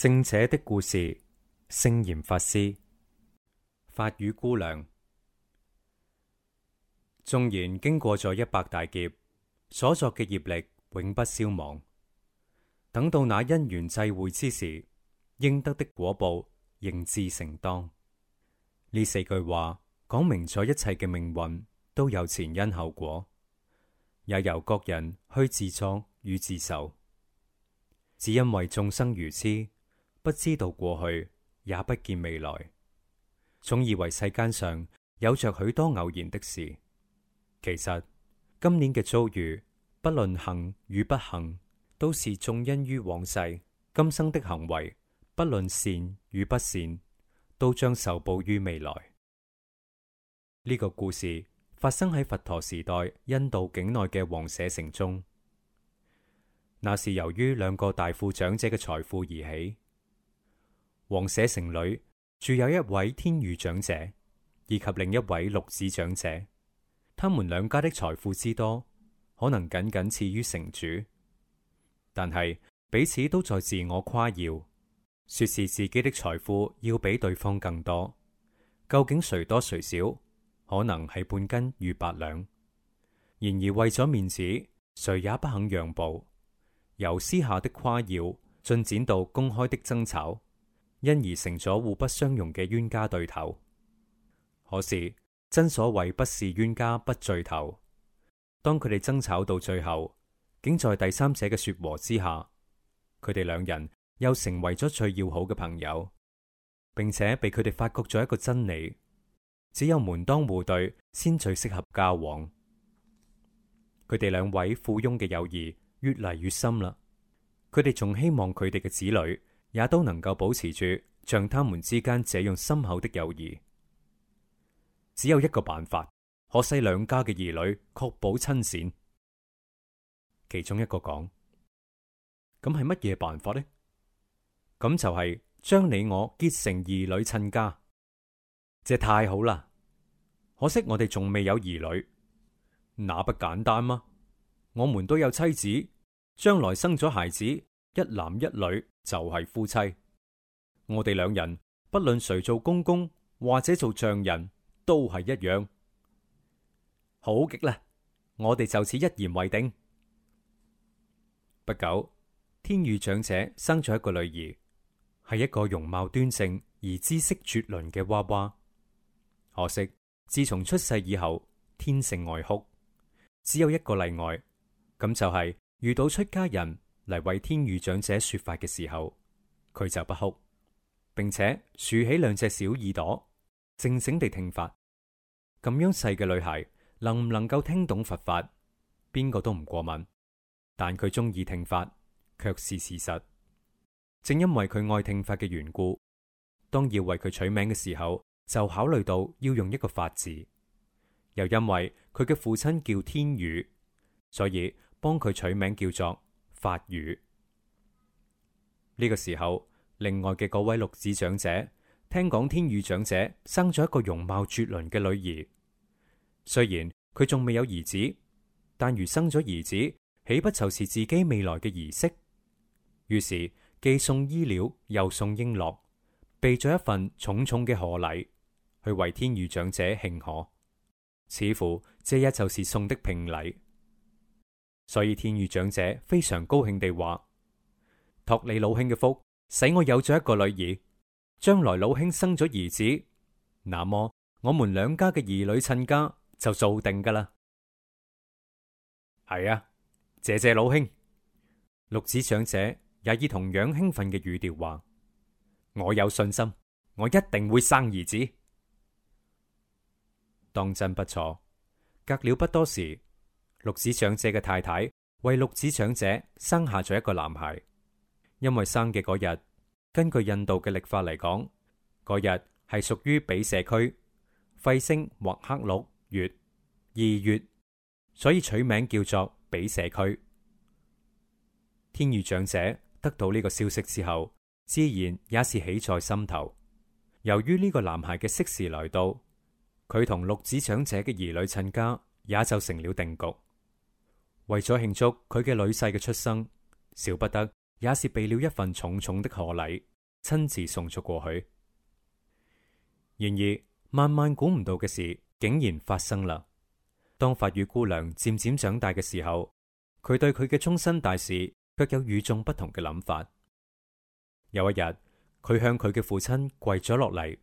聖者的故事，聖嚴法師。法與姑娘，縱然經過咗一百大劫，所作嘅業力永不消亡。等到那因緣際會之時，應得的果報應自成當。呢四句話講明咗一切嘅命運都有前因後果，也由各人去自作與自受。只因為眾生愚癡。不知道過去，也不見未來，總以為世間上有着許多偶然的事。其實今年嘅遭遇，不論幸與不幸，都是種因於往世；今生的行為，不論善與不善，都將受報於未來。呢、這個故事發生喺佛陀時代，印度境內嘅王舍城中。那是由於兩個大富長者嘅財富而起。王舍城裏住有一位天宇長者，以及另一位六子長者。他們兩家的財富之多，可能僅僅次於城主，但係彼此都在自我誇耀，說是自己的財富要比對方更多。究竟誰多誰少，可能係半斤與八兩。然而為咗面子，誰也不肯讓步，由私下的誇耀進展到公開的爭吵。因而成咗互不相容嘅冤家對頭。可是真所謂不是冤家不聚頭。當佢哋爭吵到最後，竟在第三者嘅說和之下，佢哋兩人又成為咗最要好嘅朋友，並且被佢哋發覺咗一個真理：只有門當戶對先最適合交往。佢哋兩位富翁嘅友誼越嚟越深啦。佢哋仲希望佢哋嘅子女。也都能夠保持住像他們之間這樣深厚的友誼，只有一個辦法，可惜兩家嘅兒女確保親善。其中一個講：咁係乜嘢辦法呢？咁就係將你我結成兒女親家，這太好啦！可惜我哋仲未有兒女，那不簡單嗎？我們都有妻子，將來生咗孩子，一男一女。就係夫妻，我哋兩人不論誰做公公或者做丈人，都係一樣，好極啦！我哋就此一言為定。不久，天宇長者生咗一個女兒，係一個容貌端正而知識絕倫嘅娃娃。可惜自從出世以後，天性愛哭，只有一個例外，咁就係遇到出家人。嚟為天宇長者說法嘅時候，佢就不哭，並且豎起兩隻小耳朵，靜靜地聽法。咁樣細嘅女孩能唔能夠聽懂佛法，邊個都唔過問，但佢中意聽法，卻是事實。正因為佢愛聽法嘅緣故，當要為佢取名嘅時候，就考慮到要用一個“法”字。又因為佢嘅父親叫天宇，所以幫佢取名叫做。法與呢，這個時候，另外嘅嗰位六子長者聽講天宇長者生咗一個容貌絕倫嘅女兒，雖然佢仲未有兒子，但如生咗兒子，豈不就是自己未來嘅兒媳？於是既送衣料又送瓔珞，備咗一份重重嘅賀禮去為天宇長者慶賀，似乎這一就是送的聘禮。所以天宇長者非常高興地話：託你老兄嘅福，使我有咗一個女兒。將來老兄生咗兒子，那麼我們兩家嘅兒女親家就做定㗎喇。係啊，謝謝老兄。六子長者也以同樣興奮嘅語調話：我有信心，我一定會生兒子。當真不錯。隔了不多時。六子長者嘅太太為六子長者生下咗一個男孩，因為生嘅嗰日，根據印度嘅曆法嚟講，嗰日係屬於比社區吠星或克六月二月，所以取名叫做比社區。天宇長者得到呢個消息之後，自然也是喜在心頭。由於呢個男孩嘅適時來到，佢同六子長者嘅兒女親家也就成了定局。為咗慶祝佢嘅女婿嘅出生，少不得也是備了一份重重的賀禮，親自送咗過去。然而，萬萬估唔到嘅事竟然發生啦！當法與姑娘漸漸長大嘅時候，佢對佢嘅終身大事卻有與眾不同嘅諗法。有一日，佢向佢嘅父親跪咗落嚟，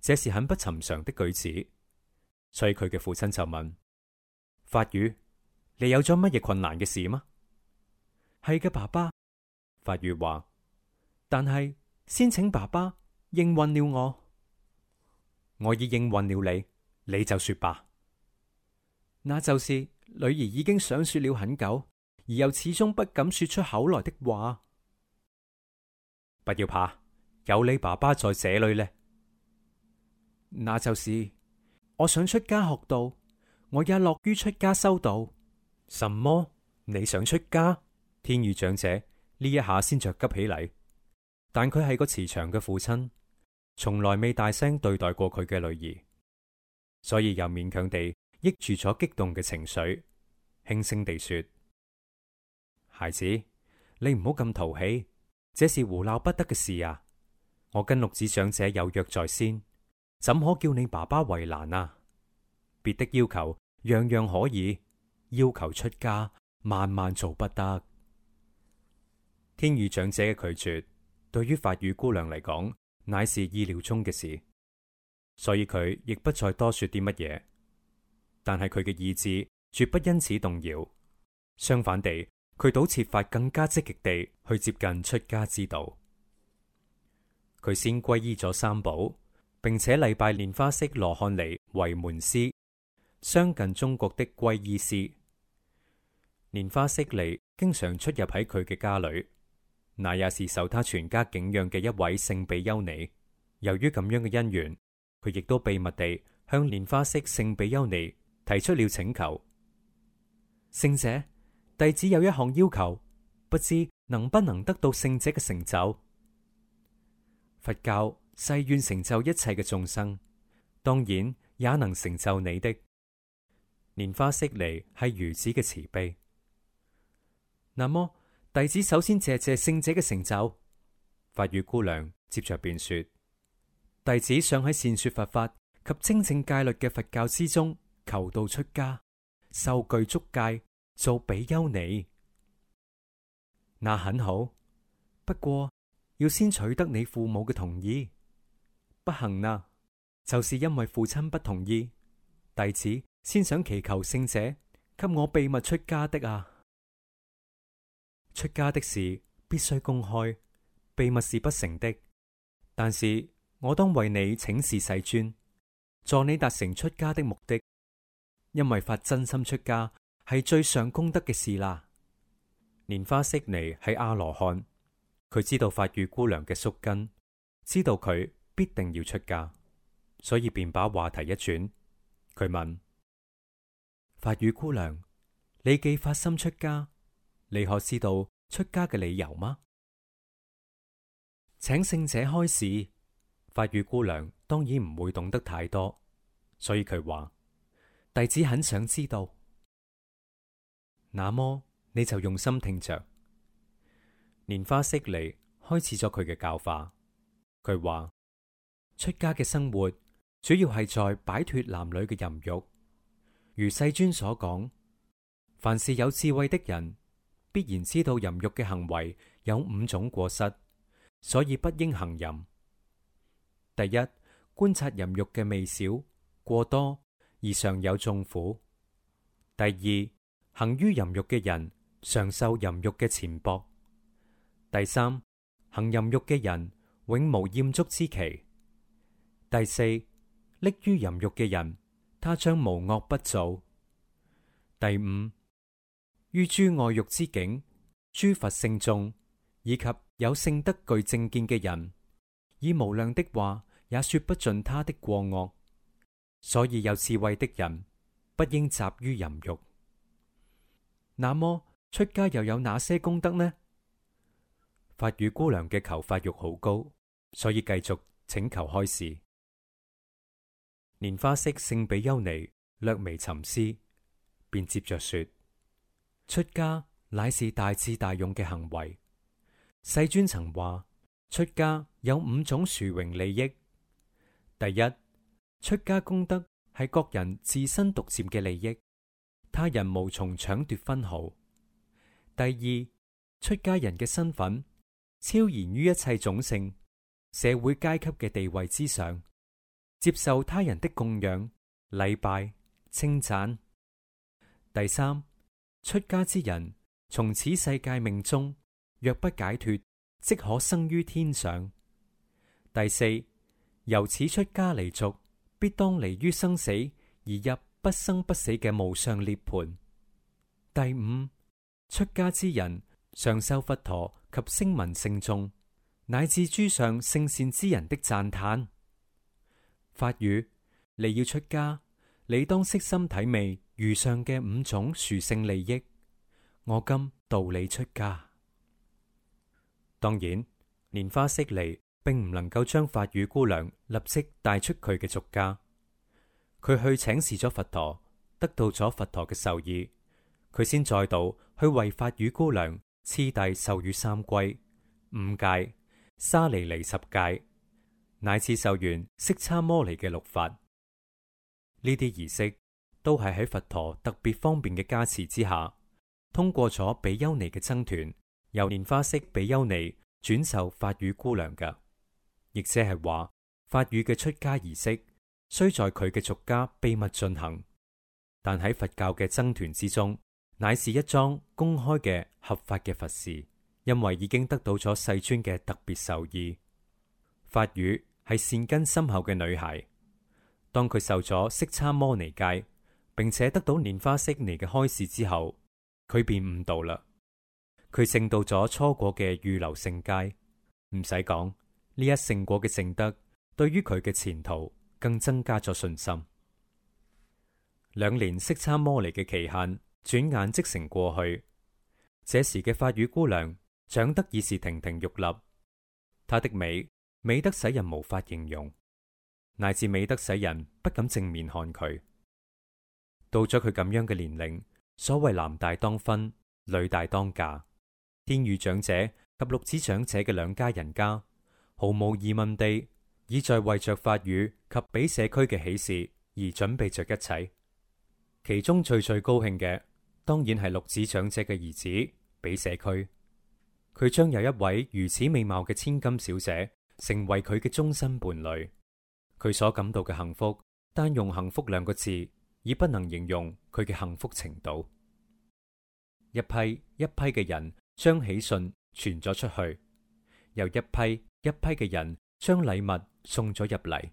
這是很不尋常的舉止，所以佢嘅父親就問法與。你有咗乜嘢困難嘅事嗎？係嘅，爸爸。法與話，但係先請爸爸應允了我。我已應允了你，你就說吧。那就是女兒已經想說了很久，而又始終不敢說出口來的話。不要怕，有你爸爸在這裏呢。那就是我想出家學道，我也樂於出家修道。什麼？你想出家？天宇長者呢一下先着急起嚟，但佢係個慈祥嘅父親，從來未大聲對待過佢嘅女兒，所以又勉強地抑住咗激動嘅情緒，輕聲地說：孩子，你唔好咁淘氣，這是胡鬧不得嘅事啊！我跟六指長者有約在先，怎可叫你爸爸為難啊？別的要求，樣樣可以。要求出家萬萬做不得。天宇長者嘅拒絕，對於法與姑娘嚟講，乃是意料中嘅事，所以佢亦不再多說啲乜嘢。但係佢嘅意志絕不因此動搖，相反地，佢倒設法更加積極地去接近出家之道。佢先皈依咗三寶，並且禮拜蓮花色羅漢尼為門師，相近中國的皈依師。蓮花色尼經常出入喺佢嘅家裏，那也是受他全家敬仰嘅一位聖比丘尼。由於咁樣嘅因緣，佢亦都秘密地向蓮花色聖比丘尼提出了請求。聖者，弟子有一項要求，不知能不能得到聖者嘅成就。佛教誓願成就一切嘅眾生，當然也能成就你的。蓮花色尼係如此嘅慈悲。那麼弟子首先謝謝聖者嘅成就。法與姑娘接着便說：弟子想喺善說佛法及清正戒律嘅佛教之中求道出家，受具足戒做比丘尼。那很好，不過要先取得你父母嘅同意。不行啦，就是因為父親不同意。弟子先想祈求聖者給我秘密出家的啊。出家的事必須公開，秘密是不成的。但是我當為你請示世尊，助你達成出家的目的，因為發真心出家係最上功德嘅事啦。蓮華色尼係阿羅漢，佢知道法與姑娘嘅宿根，知道佢必定要出家，所以便把話題一轉，佢問法與姑娘：「你既發心出家？你可知道出家嘅理由嗎？請聖者開示。法與姑娘當然唔會懂得太多，所以佢話弟子很想知道。那麼你就用心聽着。蓮花色尼開始咗佢嘅教化。佢話，出家嘅生活主要係在擺脫男女嘅淫欲。如世尊所講，凡是有智慧的人。必然知道淫欲嘅行為有五種過失，所以不應行淫。第一，觀察淫欲嘅未少過多而常有重苦；第二，行於淫欲嘅人常受淫欲嘅纏縛；第三，行淫欲嘅人永無厭足之期；第四，溺於淫欲嘅人他將無惡不造；第五。於諸外欲之境，諸佛聖眾以及有聖德具正見嘅人，以無量的話也說不盡他的過惡，所以有智慧的人不應習於淫欲。那麼出家又有哪些功德呢？法與姑娘嘅求法欲好高，所以繼續請求開示。蓮花色聖比丘尼略微沉思，便接着說。出家乃是大智大勇嘅行為。世尊曾話：出家有五種殊榮利益。第一，出家功德係各人自身獨佔嘅利益，他人無從搶奪分毫。第二，出家人嘅身份超然於一切種姓社會階級嘅地位之上，接受他人的供養、禮拜、稱讚。第三。出家之人從此世界命中若不解脫，即可生於天上。第四，由此出家離俗，必當離於生死而入不生不死嘅無上涅槃。第五，出家之人常受佛陀及聲聞聖眾乃至諸上聖善之人的讚歎。法語：你要出家，你當悉心體味。如上嘅五種殊勝利益，我今度你出家。當然，蓮花色尼並唔能夠將法與姑娘立即帶出佢嘅俗家。佢去請示咗佛陀，得到咗佛陀嘅授意，佢先再度去為法與姑娘次第授予三歸五戒沙彌尼十戒，乃至受完色差摩尼嘅六法呢啲儀式。都係喺佛陀特別方便嘅加持之下，通過咗比丘尼嘅僧團，由蓮花式比丘尼轉受法與姑娘嘅，亦即係話法與嘅出家儀式雖在佢嘅俗家秘密進行，但喺佛教嘅僧團之中，乃是一樁公開嘅合法嘅佛事，因為已經得到咗世尊嘅特別授意。法與係善根深厚嘅女孩，當佢受咗色差摩尼戒。並且得到蓮花色尼嘅開示之後，佢便悟道啦。佢證到咗初果嘅預流聖階，唔使講呢一聖果嘅聖德，對於佢嘅前途更增加咗信心。兩年色差摩尼嘅期限轉眼即成過去，這時嘅法與姑娘長得已是亭亭玉立，她的美美得使人無法形容，乃至美得使人不敢正面看佢。到咗佢咁樣嘅年齡，所謂男大當婚，女大當嫁，天宇長者及六子長者嘅兩家人家毫無疑問地已在為着法與及俾社區嘅喜事而準備着一切。其中最最高興嘅，當然係六子長者嘅兒子俾社區，佢將有一位如此美貌嘅千金小姐成為佢嘅終身伴侶。佢所感到嘅幸福，單用幸福兩個字。已不能形容佢嘅幸福程度。一批一批嘅人將喜訊傳咗出去，又一批一批嘅人將禮物送咗入嚟。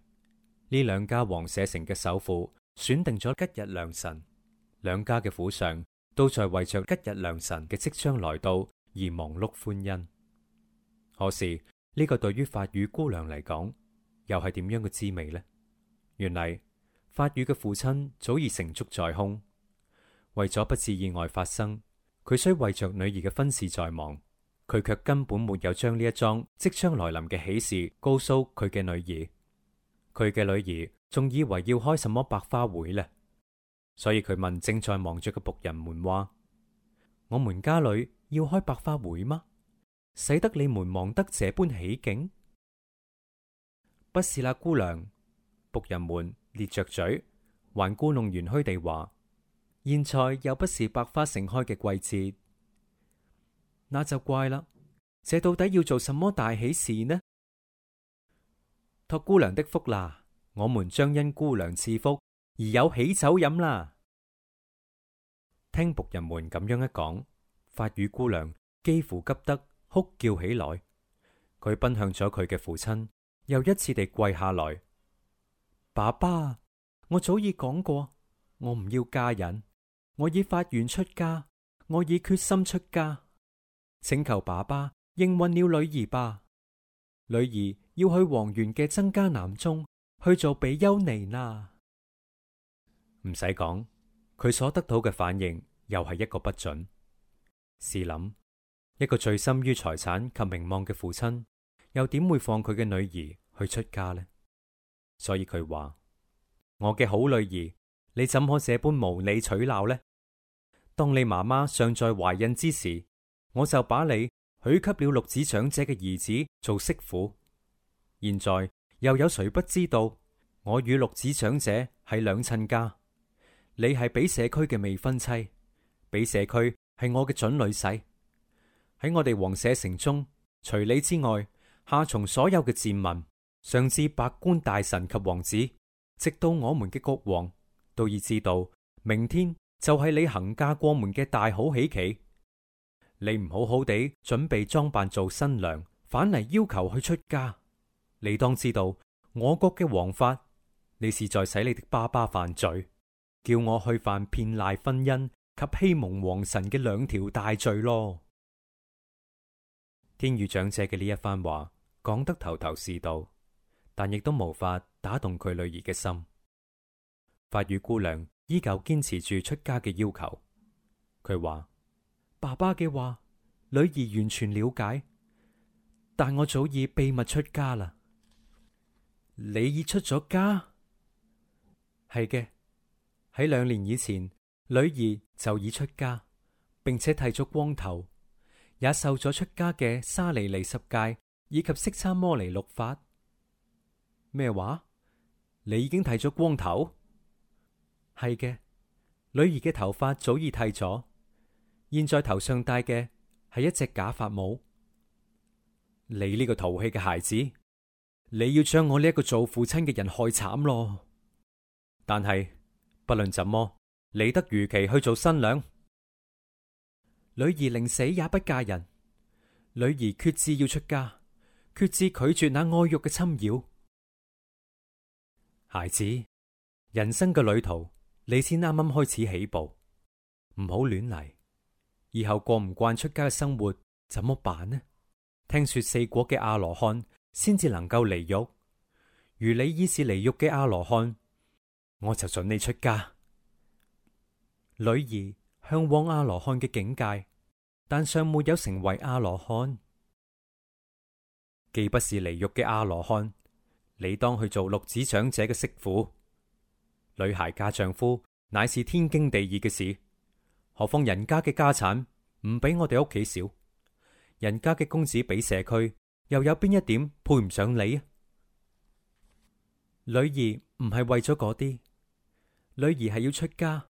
呢兩家王舍城嘅首富選定咗吉日良辰，兩家嘅府上都在為着吉日良辰嘅即將來到而忙碌歡欣。可是呢個對於法與姑娘嚟講，又係點樣嘅滋味呢？原嚟。法語嘅父親早已成竹在胸，為咗不致意外發生，佢雖為着女兒嘅婚事在忙，佢卻根本沒有將呢一樁即將來臨嘅喜事告訴佢嘅女兒。佢嘅女兒仲以為要開什麼百花會呢？所以佢問正在忙着嘅僕人們話：我們家裏要開百花會嗎？使得你們忙得這般喜景？不是啦，姑娘，僕人們咧着嘴，還故弄玄虛地話：現在又不是百花盛開嘅季節，那就怪啦！這到底要做什麼大喜事呢？託姑娘的福啦，我們將因姑娘賜福而有喜酒飲啦！聽僕人們咁樣一講，法與姑娘幾乎急得哭叫起來，佢奔向咗佢嘅父親，又一次地跪下來。爸爸，我早已講過，我唔要嫁人，我已發願出家，我已決心出家，請求爸爸應允了女兒吧。女兒要去王源嘅曾家南中去做比丘尼啦。唔使講，佢所得到嘅反應又係一個不准。試諗，一個醉心於財產及名望嘅父親，又點會放佢嘅女兒去出家呢？所以佢話：我嘅好女兒，你怎可這般無理取鬧呢？當你媽媽尚在懷孕之時，我就把你許給了六子長者嘅兒子做媳婦。現在又有誰不知道我與六子長者係兩親家？你係毗舍佉嘅未婚妻，毗舍佉係我嘅準女婿。喺我哋王舍城中，除你之外，下從所有嘅賤民。上至百官大臣及王子，直到我們嘅國王，都已知道明天就係你行嫁過門嘅大好喜期。你唔好好地準備裝扮做新娘，反嚟，要求去出家，你當知道我國嘅王法，你是在使你的爸爸犯罪，叫我去犯騙賴婚姻及欺蒙王神嘅兩條大罪咯。天宇長者嘅呢一番話講得頭頭是道。但亦都無法打動佢女兒嘅心。法與姑娘依舊堅持住出家嘅要求。佢話：爸爸嘅話，女兒完全了解，但我早已秘密出家啦。你已出咗家，係嘅。喺兩年以前，女兒就已出家，並且剃咗光頭，也受咗出家嘅沙彌尼十戒以及色差摩尼六法。咩話？你已經剃咗光頭？係嘅，女兒嘅頭髮早已剃咗，現在頭上戴嘅係一隻假髮帽。你呢個淘氣嘅孩子，你要將我呢一個做父親嘅人害慘咯。但係不論怎麼，你得如期去做新娘。女兒寧死也不嫁人。女兒決志要出家，決志拒絕那愛欲嘅侵擾。孩子，人生嘅旅途，你先啱啱開始起步，唔好亂嚟。以後過唔慣出家嘅生活，怎麼辦呢？聽說四果嘅阿羅漢先至能夠離欲，如你已是離欲嘅阿羅漢，我就准你出家。女兒嚮往阿羅漢嘅境界，但尚沒有成為阿羅漢，既不是離欲嘅阿羅漢。你當去做六子長者嘅媳婦，女孩嫁丈夫乃是天經地義嘅事。何況人家嘅家產唔比我哋屋企少，人家嘅公子比社區又有邊一點配唔上你啊？女兒唔係為咗嗰啲，女兒係要出家，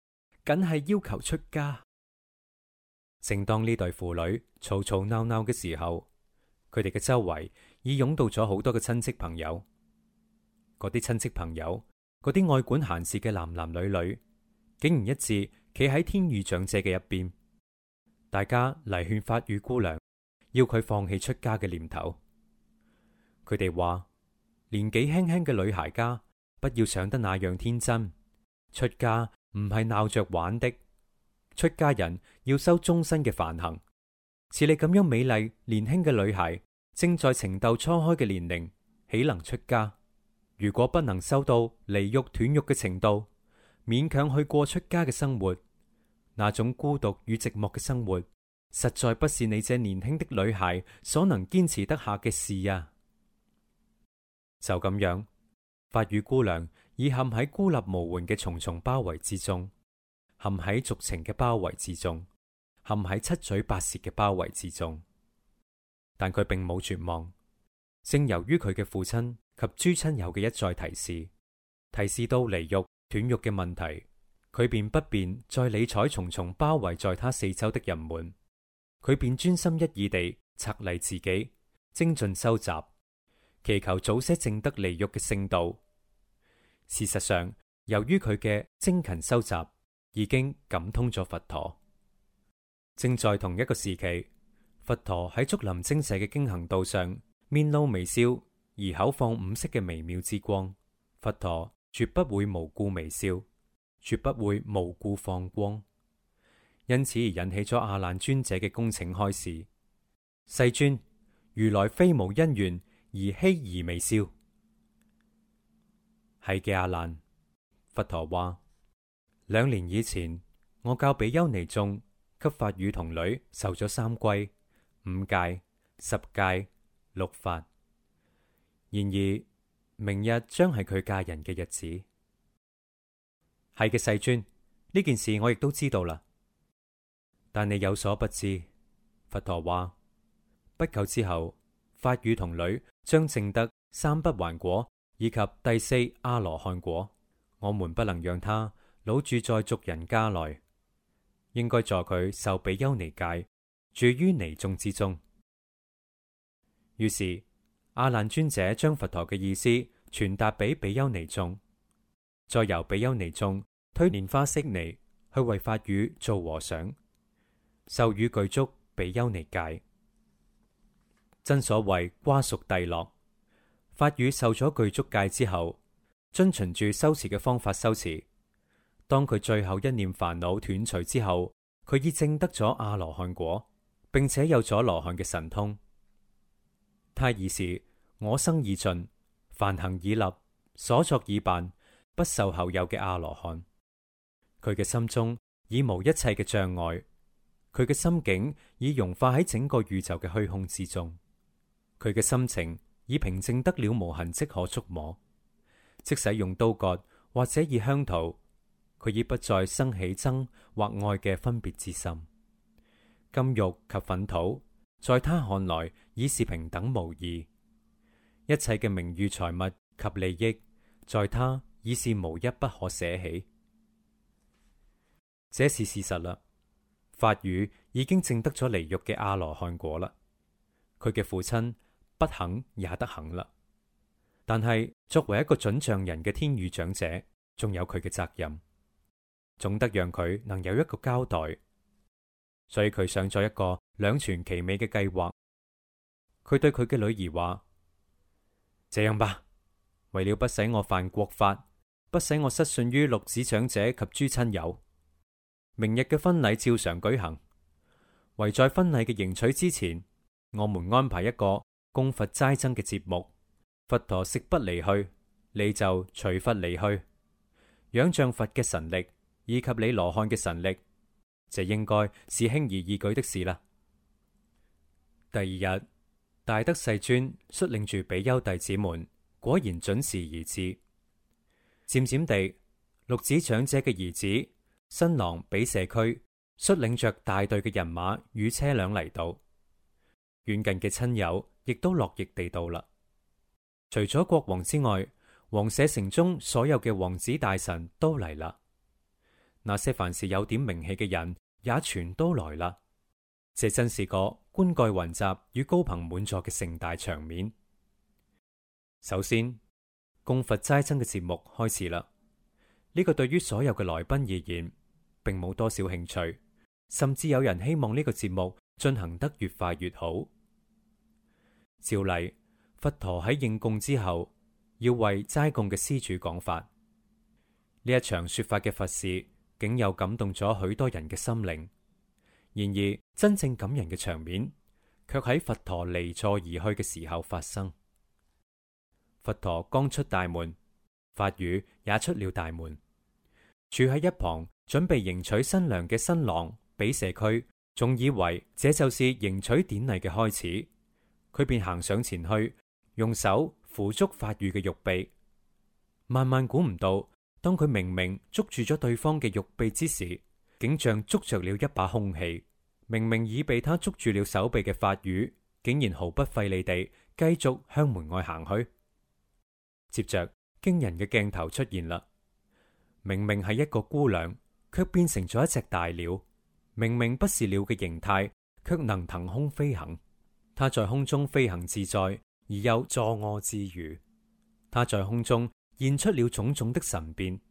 梗係要求出家。正當呢對父女嘈嘈鬧鬧嘅時候，佢哋嘅周圍已湧到咗好多嘅親戚朋友。嗰啲親戚朋友，嗰啲愛管閒事嘅男男女女，竟然一致企喺天雨長者嘅一邊，大家嚟勸法與姑娘，要佢放棄出家嘅念頭。佢哋話：年紀輕輕嘅女孩家，不要想得那樣天真。出家唔係鬧着玩的，出家人要修終身嘅梵行。似你咁樣美麗年輕嘅女孩，正在情竇初開嘅年齡，豈能出家？如果不能修到離欲斷欲嘅程度，勉強去過出家嘅生活，那種孤獨與寂寞嘅生活，實在不是你這年輕的女孩所能堅持得下嘅事呀、啊。就咁樣，法與姑娘已陷喺孤立無援嘅重重包圍之中，陷喺俗情嘅包圍之中，陷喺七嘴八舌嘅包圍之中。但佢並冇絕望，正由於佢嘅父親。及諸親友嘅一再提示，提示到離欲斷欲嘅問題，佢便不便再理睬重重包圍在他四周的人們，佢便專心一意地策勵自己，精進收集，祈求早些正得離欲嘅聖道。事實上，由於佢嘅精勤收集已經感通咗佛陀，正在同一個時期，佛陀喺竹林精舍嘅經行道上面露微笑。而口放五色嘅微妙之光，佛陀絕不會無故微笑，絕不會無故放光，因此而引起咗阿難尊者嘅恭請開示。世尊，如來非無因緣而希而微笑，係嘅阿難，佛陀話：兩年以前，我教比丘尼眾給法與童女受咗三歸五戒、十戒、六法。然而，明日將係佢嫁人嘅日子。係嘅，世尊，呢件事我亦都知道啦。但你有所不知，佛陀話：不久之後，法與童女將證得三不還果以及第四阿羅漢果。我們不能讓他老住在俗人家內，應該助佢受比丘尼戒，住於尼眾之中。於是。阿難尊者將佛陀嘅意思傳達俾比丘尼眾，再由比丘尼眾推蓮花色尼去為法與做和尚，授與具足比丘尼戒。真所謂瓜熟蒂落，法與受咗具足戒之後，遵循住修持嘅方法修持。當佢最後一念煩惱斷除之後，佢已證得咗阿羅漢果，並且有咗羅漢嘅神通。他已是我生已盡，梵行已立，所作已辦，不受後有嘅阿羅漢。佢嘅心中已無一切嘅障礙，佢嘅心境已融化喺整個宇宙嘅虛空之中，佢嘅心情已平靜得了無痕跡可觸摸。即使用刀割或者以香塗，佢已不再生起憎或愛嘅分別之心。金玉及糞土，在他看來。已是平等無疑，一切嘅名譽、財物及利益，在他已是無一不可捨棄。這是事實啦。法與已經證得咗離欲嘅阿羅漢果啦，佢嘅父親不肯也得肯啦。但係作為一個準丈人嘅天雨長者，仲有佢嘅責任，總得讓佢能有一個交代。所以佢想咗一個兩全其美嘅計劃。佢對佢嘅女兒話：「這樣吧，為了不使我犯國法，不使我失信於六子長者及諸親友，明日嘅婚禮照常舉行。唯在婚禮嘅迎娶之前，我們安排一個供佛齋僧嘅節目。佛陀食不離去，你就隨佛離去，仰仗佛嘅神力以及你羅漢嘅神力，這應該是輕而易舉的事啦。第二日。大德世尊率領住比丘弟子們，果然準時而至。漸漸地，鹿子長者嘅兒子新郎比舍區率領着大隊嘅人馬與車輛嚟到，遠近嘅親友亦都絡繹地到啦。除咗國王之外，王舍城中所有嘅王子大臣都嚟啦，那些凡是有點名氣嘅人也全都來啦。這真是個冠蓋雲集與高朋滿座嘅盛大場面，首先供佛齋僧嘅節目開始啦。呢個對於所有嘅來賓而言，並冇多少興趣，甚至有人希望呢個節目進行得越快越好。照例，佛陀喺應供之後，要為齋供嘅施主講法。呢一場說法嘅佛事，竟又感動咗許多人嘅心靈。然而，真正感人嘅場面却喺佛陀離座而去嘅時候發生。佛陀剛出大門，法與也出了大門，住喺一旁準備迎娶新娘嘅新郎俾社區仲以為這就是迎娶典禮嘅開始，佢便行上前去，用手扶足法與嘅玉臂，萬萬估唔到，當佢明明捉住咗對方嘅玉臂之時，竟像捉着了一把空氣，明明已被他捉住了手臂嘅法雨竟然毫不費力地繼續向門外行去。接着驚人嘅鏡頭出現啦，明明係一個姑娘，卻變成咗一隻大鳥；明明不是鳥嘅形態，卻能騰空飛行。它在空中飛行自在，而又坐臥自如。它在空中現出了種種的神變。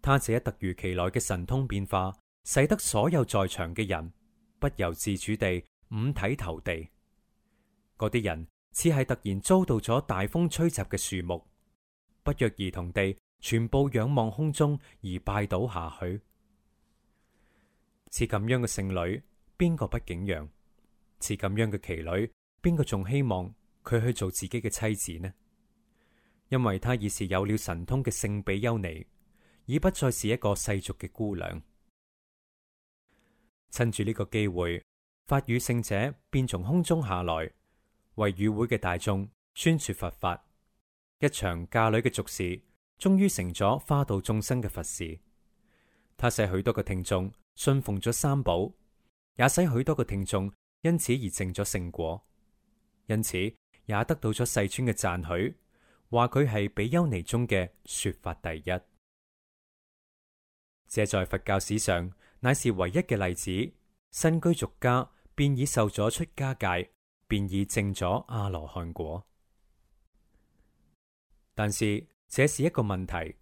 他這一突如其來嘅神通變化，使得所有在場嘅人不由自主地五體投地。嗰啲人似係突然遭到咗大風吹襲嘅樹木，不約而同地全部仰望空中而拜倒下去。似咁樣嘅聖女，邊個不景仰？似咁樣嘅奇女，邊個仲希望佢去做自己嘅妻子呢？因為他已是有了神通嘅聖比丘尼。已不再是一個世俗嘅姑娘。趁住呢個機會，法與聖者便從空中下來，為與會嘅大眾宣說佛法。一場嫁女嘅俗事，終於成咗化度眾生嘅佛事。他使許多嘅聽眾信奉咗三寶，也使許多嘅聽眾因此而證咗聖果。因此也得到咗世尊嘅贊許，話佢係比丘尼中嘅說法第一。這在佛教史上乃是唯一嘅例子，身居俗家便已受咗出家戒，便已證咗阿羅漢果。但是這是一個問題，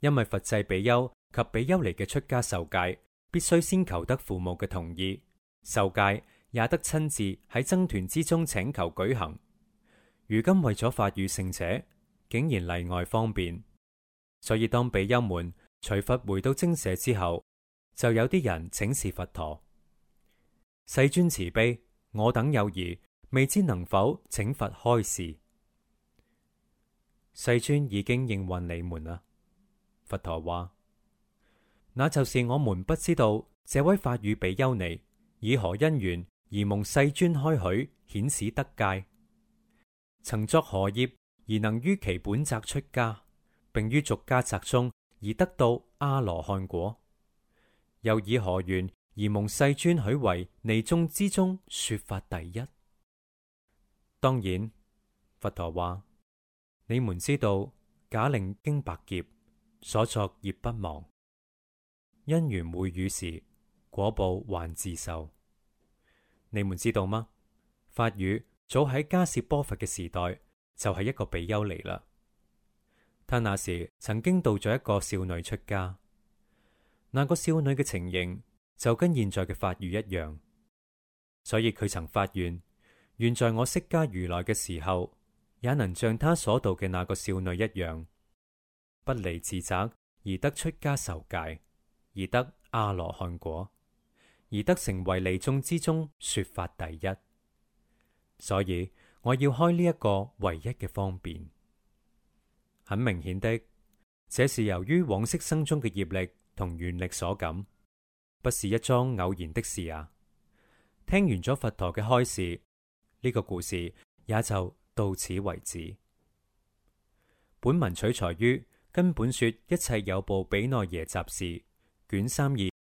因為佛制比丘及比丘尼嘅出家受戒，必須先求得父母嘅同意，受戒也得親自喺僧團之中請求舉行。如今為咗法與聖者，竟然例外方便，所以當比丘們。隨佛回到精舍之後，就有啲人請示佛陀：世尊慈悲，我等有疑，未知能否請佛開示？世尊已經應允你們啦。佛陀話：那就是我們不知道這位法與比丘尼以何因緣而蒙世尊開許顯示得戒，曾作何業而能於其本宅出家，並於俗家宅中。而得到阿羅漢果，又以何緣而蒙世尊許為尼眾，之中說法第一？當然，佛陀話：你們知道假令經百劫，所作業不亡，因緣會遇時，果報還自受。你們知道嗎？法語早喺迦葉波佛嘅時代就係、是、一個比丘尼嚟啦。他那時曾經度咗一個少女出家，那個少女嘅情形就跟現在嘅法與一樣，所以佢曾發願願在我釋迦如來嘅時候，也能像他所度嘅那個少女一樣，不離自責而得出家受戒，而得阿羅漢果，而得成為離眾之中說法第一。所以我要開呢一個唯一嘅方便。很明顯的，這是由於往昔生中嘅業力同願力所感，不是一樁偶然的事啊！聽完咗佛陀嘅開示，呢、這個故事也就到此為止。本文取材於根本說一切有部比內耶雜事卷三二。